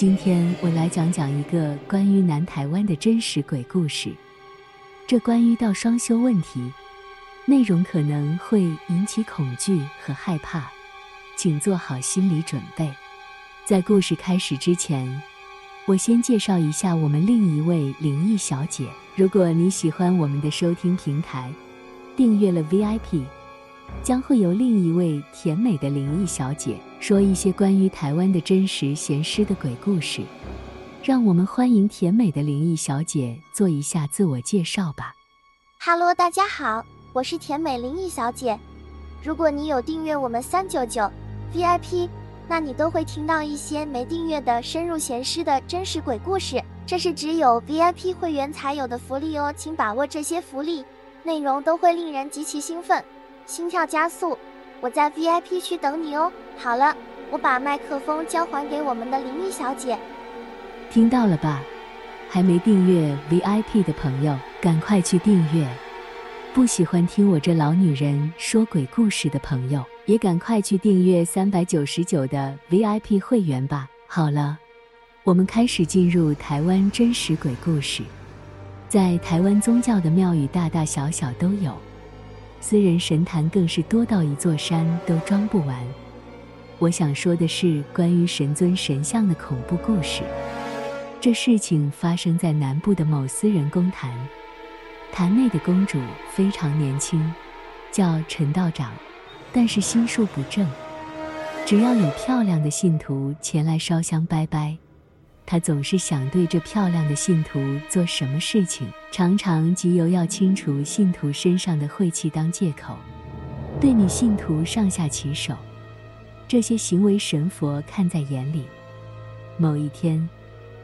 今天我來講講一個關於南台灣的真實鬼故事。這關於到雙修問題，內容可能會引起恐懼和害怕，請做好心理準備。在故事開始之前，我先介紹一下我們另一位靈異小姐。如果你喜歡我們的收聽平台，訂閱了 VIP，將會由另一位甜美的靈異小姐說一些關於台灣的真實鹹濕的鬼故事，讓我們歡迎甜美的靈異小姐做一下自我介紹吧。Hello，大家好，我是甜美靈異小姐。如果你有訂閱我們三九九 VIP，那你都會聽到一些沒訂閱的深入鹹濕的真實鬼故事，這是只有 VIP 會員才有的福利哦，請把握這些福利。內容都會令人極其興奮。心跳加速，我在 VIP 區等你哦。好了，我把麥克風交還給我們的靈異小姐。聽到了吧？還沒訂閱 VIP 的朋友，趕快去訂閱。不喜歡聽我這老女人說鬼故事的朋友，也趕快去訂閱三百九十九的 VIP 會員吧。好了，我們開始進入台灣真實鬼故事。在台灣宗教的廟宇，大大小小都有。私人神壇更是多到一座山都裝不完。我想說的是關於神尊神像的恐怖故事。這事情發生在南部的某私人宮壇，壇內的公主非常年輕，叫陳道長，但是心術不正。只要有漂亮的信徒前來燒香拜拜，他總是想對這漂亮的信徒做什麼事情，常常藉由要清除信徒身上的晦氣當借口，對女信徒上下其手。這些行為，神佛看在眼裡。某一天，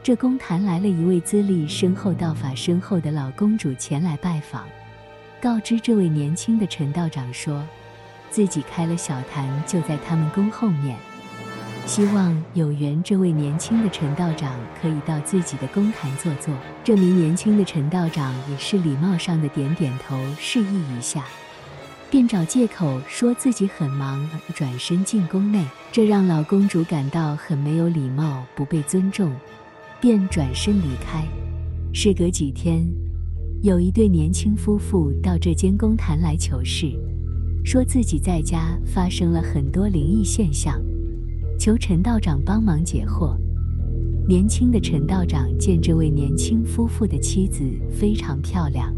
這宮壇來了一位資歷深厚、道法深厚的老宮主前來拜訪，告知這位年輕的陳道長說，自己開了小壇，就在他們宮後面。希望有緣，這位年輕的陳道長可以到自己的宮壇坐坐。這名年輕的陳道長也是禮貌上的點點頭，示意一下，便找借口說自己很忙，轉身進宮內。這讓老宮主感到很沒有禮貌，不被尊重，便轉身離開。事隔幾天，有一對年輕夫婦到這間宮壇來求事，說自己在家發生了很多靈異現象。求陳道長幫忙解惑。年輕的陳道長見這位年輕夫婦的妻子非常漂亮，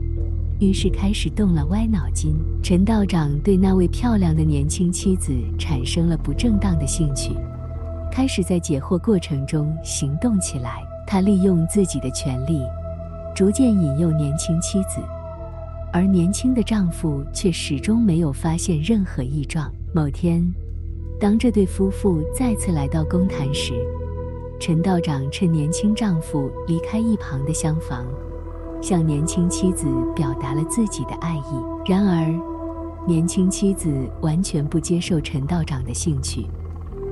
於是開始動了歪腦筋。陳道長對那位漂亮的年輕妻子產生了不正當的興趣，開始在解惑過程中行動起來。他利用自己的權力，逐漸引誘年輕妻子，而年輕的丈夫却始終沒有發現任何異狀。某天，當這對夫婦再次來到公壇時，陳道長趁年輕丈夫離開一旁的廂房，向年輕妻子表達了自己的愛意。然而，年輕妻子完全不接受陳道長的興趣，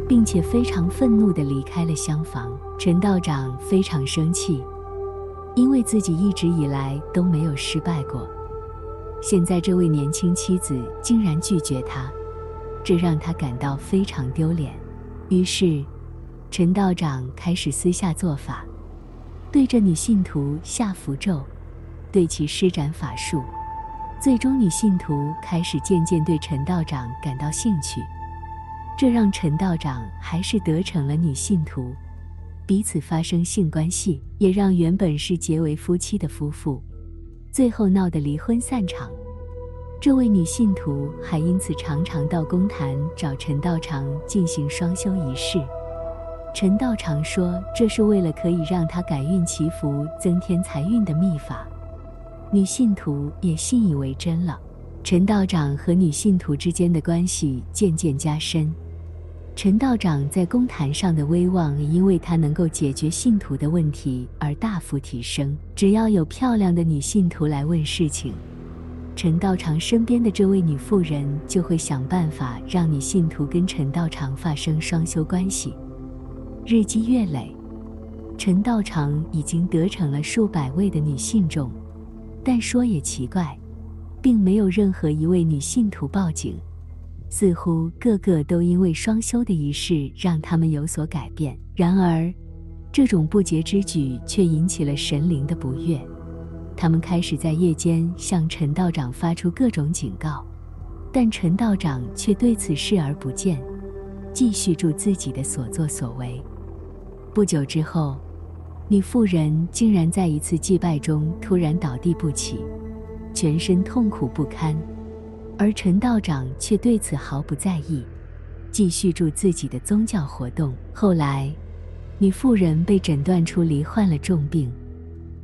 並且非常憤怒地離開了廂房。陳道長非常生氣，因為自己一直以來都沒有失敗過，現在這位年輕妻子竟然拒絕他。這讓他感到非常丟臉，於是，陳道長開始私下做法，對着女信徒下符咒，對其施展法術，最終女信徒開始漸漸對陳道長感到興趣，這讓陳道長還是得逞了。女信徒彼此發生性關係，也讓原本是結為夫妻的夫婦，最後鬧得離婚散場。這位女信徒還因此常常到公壇找陳道長進行雙修儀式。陳道長說，這是為了可以讓她改運祈福、增添財運的秘法。女信徒也信以為真了。陳道長和女信徒之間的關係漸漸加深。陳道長在公壇上的威望也因為他能夠解決信徒的問題而大幅提升。只要有漂亮的女信徒來問事情。陳道長身邊的這位女婦人就會想辦法讓女信徒跟陳道長發生雙修關係，日積月累，陳道長已經得逞了數百位的女信眾，但說也奇怪，並沒有任何一位女信徒報警，似乎個個都因為雙修的儀式讓他們有所改變。然而，這種不潔之舉卻引起了神靈的不悅。他們開始在夜間向陳道長發出各種警告，但陳道長卻對此視而不見，繼續著自己的所作所為。不久之後，女婦人竟然在一次祭拜中突然倒地不起，全身痛苦不堪，而陳道長卻對此毫不在意，繼續著自己的宗教活動。後來，女婦人被診斷出罹患了重病。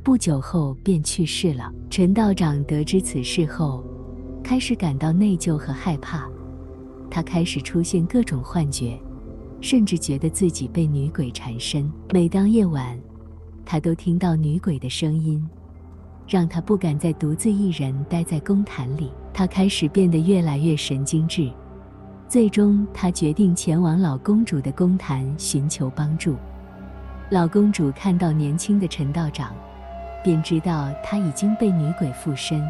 不久後便去世了。陳道長得知此事後，開始感到內疚和害怕，他開始出現各種幻覺，甚至覺得自己被女鬼纏身。每當夜晚，他都聽到女鬼的聲音，讓他不敢再獨自一人待在宮壇裡。他開始變得越來越神經質，最終他決定前往老公主的宮壇尋求幫助。老公主看到年輕的陳道長。便知道他已經被女鬼附身，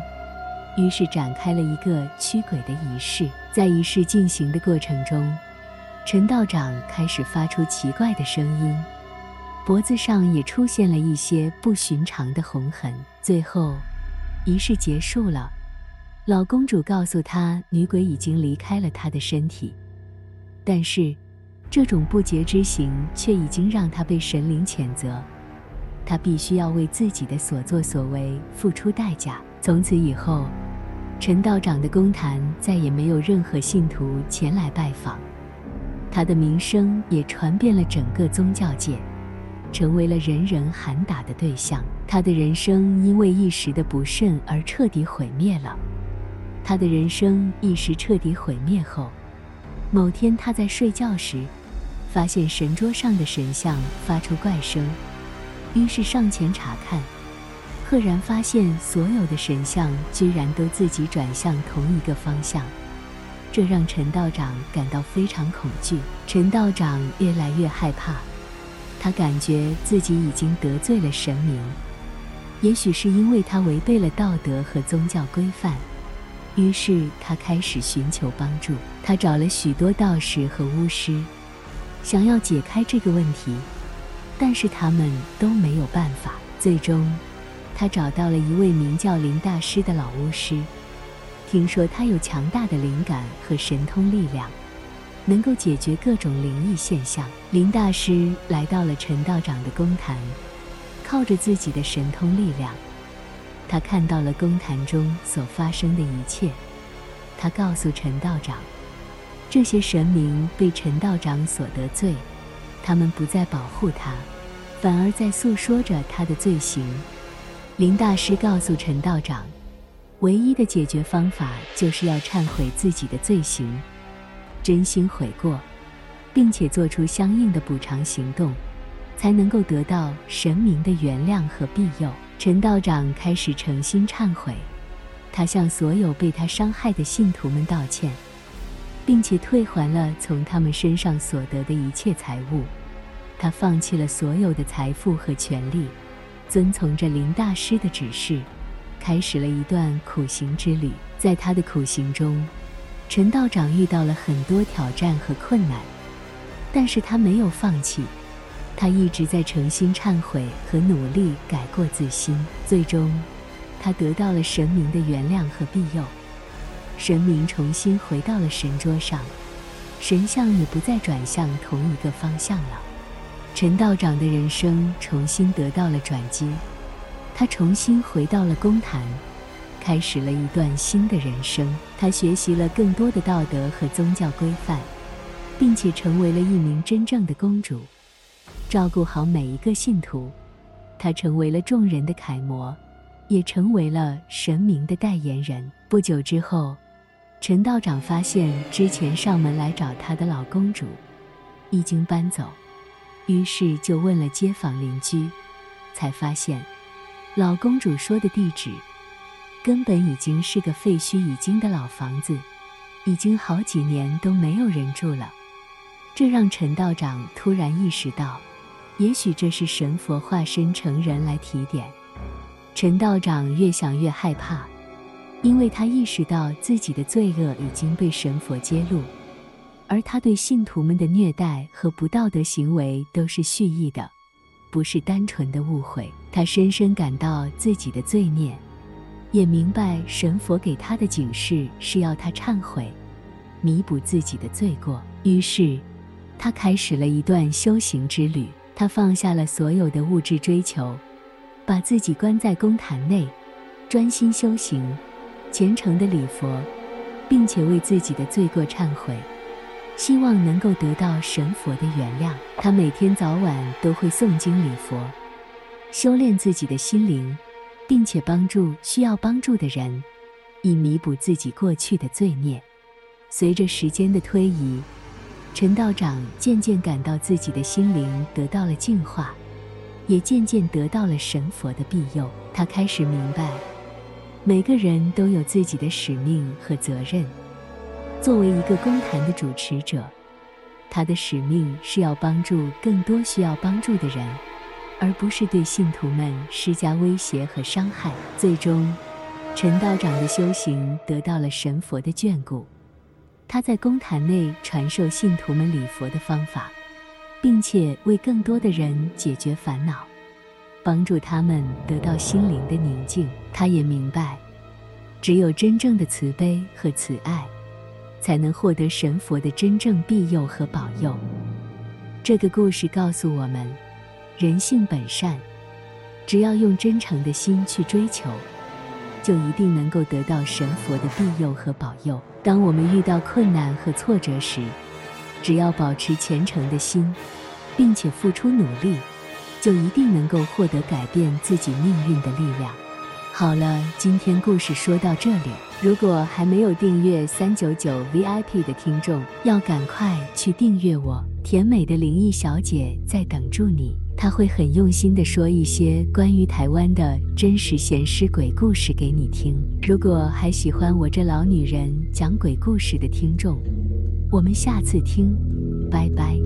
於是展開了一個驅鬼的儀式。在儀式進行的過程中，陳道長開始發出奇怪的聲音，脖子上也出現了一些不尋常的紅痕。最後，儀式結束了，老公主告訴他，女鬼已經離開了他的身體，但是這種不潔之行卻已經讓他被神靈譴責。他必須要為自己的所作所為付出代價。從此以後，陳道長的公壇再也沒有任何信徒前來拜訪，他的名聲也傳遍了整個宗教界，成為了人人喊打的對象。他的人生因為一時的不慎而徹底毀滅了。他的人生一時徹底毀滅後，某天他在睡覺時，發現神桌上的神像發出怪聲。於是上前查看，赫然發現所有的神像居然都自己轉向同一個方向，這讓陳道長感到非常恐懼。陳道長越來越害怕，他感覺自己已經得罪了神明，也許是因為他違背了道德和宗教規範。於是他開始尋求幫助，他找了許多道士和巫師，想要解開這個問題。但是他們都沒有辦法。最終，他找到了一位名叫林大師的老巫師，聽說他有強大的靈感和神通力量，能夠解決各種靈異現象。林大師來到了陳道長的公壇，靠着自己的神通力量，他看到了公壇中所發生的一切。他告訴陳道長，這些神明被陳道長所得罪。他們不再保護他，反而在訴說着他的罪行。林大師告訴陳道長，唯一的解決方法就是要懺悔自己的罪行，真心悔過，並且做出相應的補償行動，才能夠得到神明的原諒和庇佑。陳道長開始誠心懺悔，他向所有被他傷害的信徒們道歉。並且退還了從他們身上所得的一切財物，他放棄了所有的財富和權力，遵從着林大師的指示，開始了一段苦行之旅。在他的苦行中，陳道長遇到了很多挑戰和困難，但是他沒有放棄，他一直在誠心懺悔和努力改過自新。最終，他得到了神明的原諒和庇佑。神明重新回到了神桌上，神像也不再轉向同一個方向了。陳道長的人生重新得到了轉機，他重新回到了宮壇，開始了一段新的人生。他學習了更多的道德和宗教規範，並且成為了一名真正的宮主，照顧好每一個信徒。他成為了眾人的楷模，也成為了神明的代言人。不久之後。陳道長發現之前上門來找他的老公主，已經搬走，於是就問了街坊鄰居，才發現老公主說的地址，根本已經是個廢墟，已經的老房子，已經好幾年都沒有人住了。這讓陳道長突然意識到，也許這是神佛化身成人來提點。陳道長越想越害怕。因為他意識到自己的罪惡已經被神佛揭露，而他對信徒們的虐待和不道德行為都是蓄意的，不是單純的誤會。他深深感到自己的罪孽，也明白神佛給他的警示是要他懺悔，彌補自己的罪過。於是，他開始了一段修行之旅。他放下了所有的物質追求，把自己關在宮壇內，專心修行。虔誠的禮佛，並且為自己的罪過懺悔，希望能夠得到神佛的原諒。他每天早晚都會誦經禮佛，修煉自己的心靈，並且幫助需要幫助的人，以彌補自己過去的罪孽。隨着時間的推移，陳道長漸漸感到自己的心靈得到了淨化，也漸漸得到了神佛的庇佑。他開始明白，每個人都有自己的使命和責任。作為一個公壇的主持者，他的使命是要幫助更多需要幫助的人，而不是對信徒們施加威脅和傷害。最終，陳道長的修行得到了神佛的眷顧。他在公壇內傳授信徒們禮佛的方法，並且為更多的人解決煩惱。幫助他們得到心靈的寧靜。他也明白，只有真正的慈悲和慈愛，才能獲得神佛的真正庇佑和保佑。這個故事告訴我們，人性本善，只要用真誠的心去追求，就一定能夠得到神佛的庇佑和保佑。當我們遇到困難和挫折時，只要保持虔誠的心，並且付出努力。就一定能夠獲得改變自己命運的力量。好了，今天故事說到這裡。如果還沒有訂閱三九九 VIP 的聽眾，要趕快去訂閱我甜美的靈異小姐在等著你，她會很用心地說一些關於台灣的真實閒屍鬼故事給你聽。如果還喜歡我這老女人講鬼故事的聽眾，我們下次聽，拜拜。